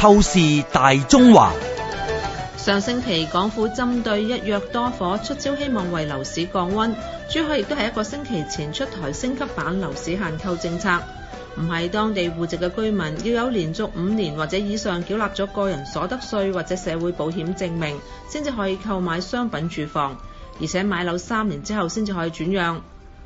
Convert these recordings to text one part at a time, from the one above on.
透視大中華。上星期港府針對一約多伙出招，希望為樓市降温。珠海亦都係一個星期前出台升級版樓市限購政策，唔係當地戶籍嘅居民要有連續五年或者以上繳納咗個人所得稅或者社會保險證明，先至可以購買商品住房，而且買樓三年之後先至可以轉讓。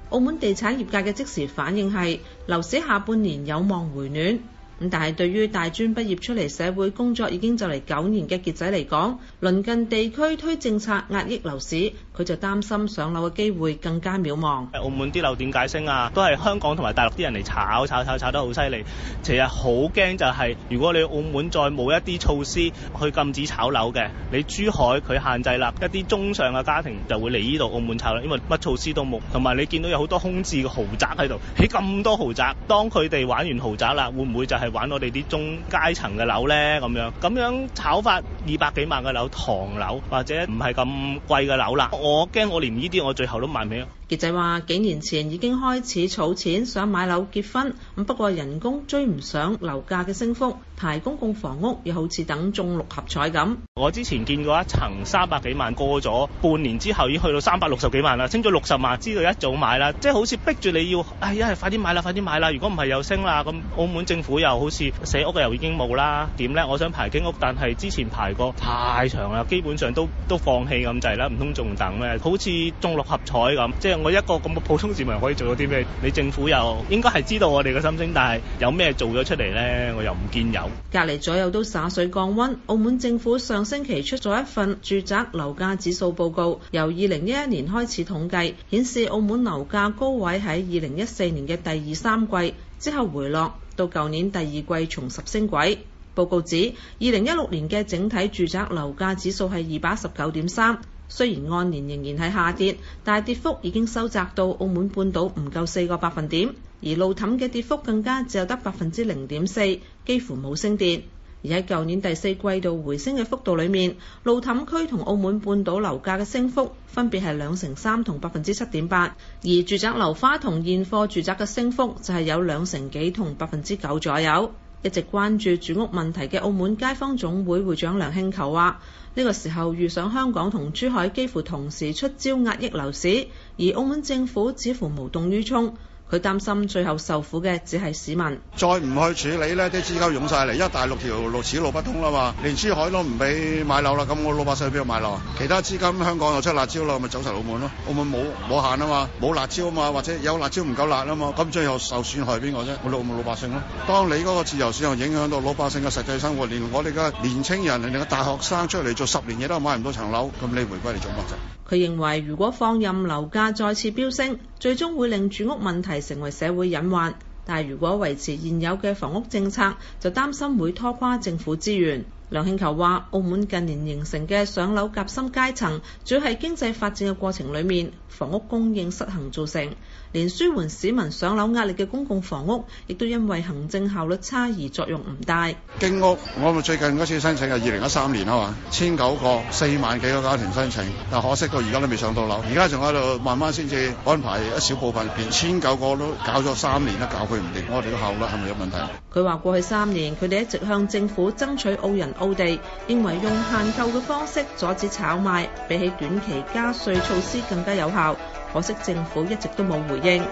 澳門地產業界嘅即時反應係，樓市下半年有望回暖。咁但係對於大專畢業出嚟社會工作已經就嚟九年嘅傑仔嚟講，鄰近地區推政策壓抑樓市，佢就擔心上樓嘅機會更加渺茫。澳門啲樓點解升啊？都係香港同埋大陸啲人嚟炒炒炒炒得好犀利。其實好驚就係，如果你澳門再冇一啲措施去禁止炒樓嘅，你珠海佢限制啦，一啲中上嘅家庭就會嚟呢度澳門炒啦，因為乜措施都冇。同埋你見到有好多空置嘅豪宅喺度，起咁多豪宅，當佢哋玩完豪宅啦，會唔會就係？係玩我哋啲中階層嘅樓咧，咁樣咁樣炒法，二百幾萬嘅樓，唐樓或者唔係咁貴嘅樓啦。我驚我連呢啲我最後都買唔起。就係話幾年前已經開始儲錢想買樓結婚，咁不過人工追唔上樓價嘅升幅，排公共房屋又好似等中六合彩咁。我之前見過一層三百幾萬，過咗半年之後已經去到三百六十幾萬啦，升咗六十萬，知道一早買啦，即係好似逼住你要，哎呀，快啲買啦，快啲買啦！如果唔係又升啦，咁澳門政府又好似寫屋又已經冇啦，點呢？我想排經屋，但係之前排過太長啦，基本上都都放棄咁就係啦，唔通仲等咩？好似中六合彩咁，即係。我一個咁嘅普通市民可以做到啲咩？你政府又應該係知道我哋嘅心聲，但係有咩做咗出嚟呢？我又唔見有。隔離左右都灑水降溫。澳門政府上星期出咗一份住宅樓價指數報告，由二零一一年開始統計，顯示澳門樓價高位喺二零一四年嘅第二三季，之後回落到舊年第二季重拾升軌。報告指，二零一六年嘅整體住宅樓價指數係二百一十九點三。雖然按年仍然係下跌，但係跌幅已經收窄到澳門半島唔夠四個百分點，而路氹嘅跌幅更加只有得百分之零點四，幾乎冇升跌。而喺舊年第四季度回升嘅幅度裏面，路氹區同澳門半島樓價嘅升幅分別係兩成三同百分之七點八，而住宅樓花同現貨住宅嘅升幅就係有兩成幾同百分之九左右。一直關注住屋問題嘅澳門街坊總會會長梁慶球話：呢個時候遇上香港同珠海幾乎同時出招壓抑樓市，而澳門政府似乎無動於衷。佢擔心最後受苦嘅只係市民。再唔去處理呢啲資金湧晒嚟，因為大陸條路此路不通啦嘛，連珠海都唔俾買樓啦，咁我老百姓去邊度買樓啊？其他資金香港又出辣椒啦，咪走曬澳門咯。澳門冇冇限啊嘛，冇辣椒啊嘛，或者有辣椒唔夠辣啊嘛，咁最後受損害邊個啫？我老澳老百姓咯。當你嗰個自由市場影響到老百姓嘅實際生活，連我哋嘅年青人、連嘅大學生出嚟做十年嘢都買唔到層樓，咁你回歸嚟做乜啫？佢認為，如果放任樓價再次飆升，最終會令住屋問題成為社會隱患；但係如果維持現有嘅房屋政策，就擔心會拖垮政府資源。梁慶球話：澳門近年形成嘅上樓夾心階層，主要係經濟發展嘅過程裏面，房屋供應失衡造成。連舒緩市民上樓壓力嘅公共房屋，亦都因為行政效率差而作用唔大。經屋，我哋最近嗰次申請係，二零一三年啊嘛，千九個四萬幾個家庭申請，但可惜到而家都未上到樓，而家仲喺度慢慢先至安排一小部分，連千九個都搞咗三年都搞佢唔掂，我哋個效率係咪有問題？佢話：過去三年，佢哋一直向政府爭取澳人。澳地認為用限購嘅方式阻止炒賣，比起短期加稅措施更加有效。可惜政府一直都冇回應。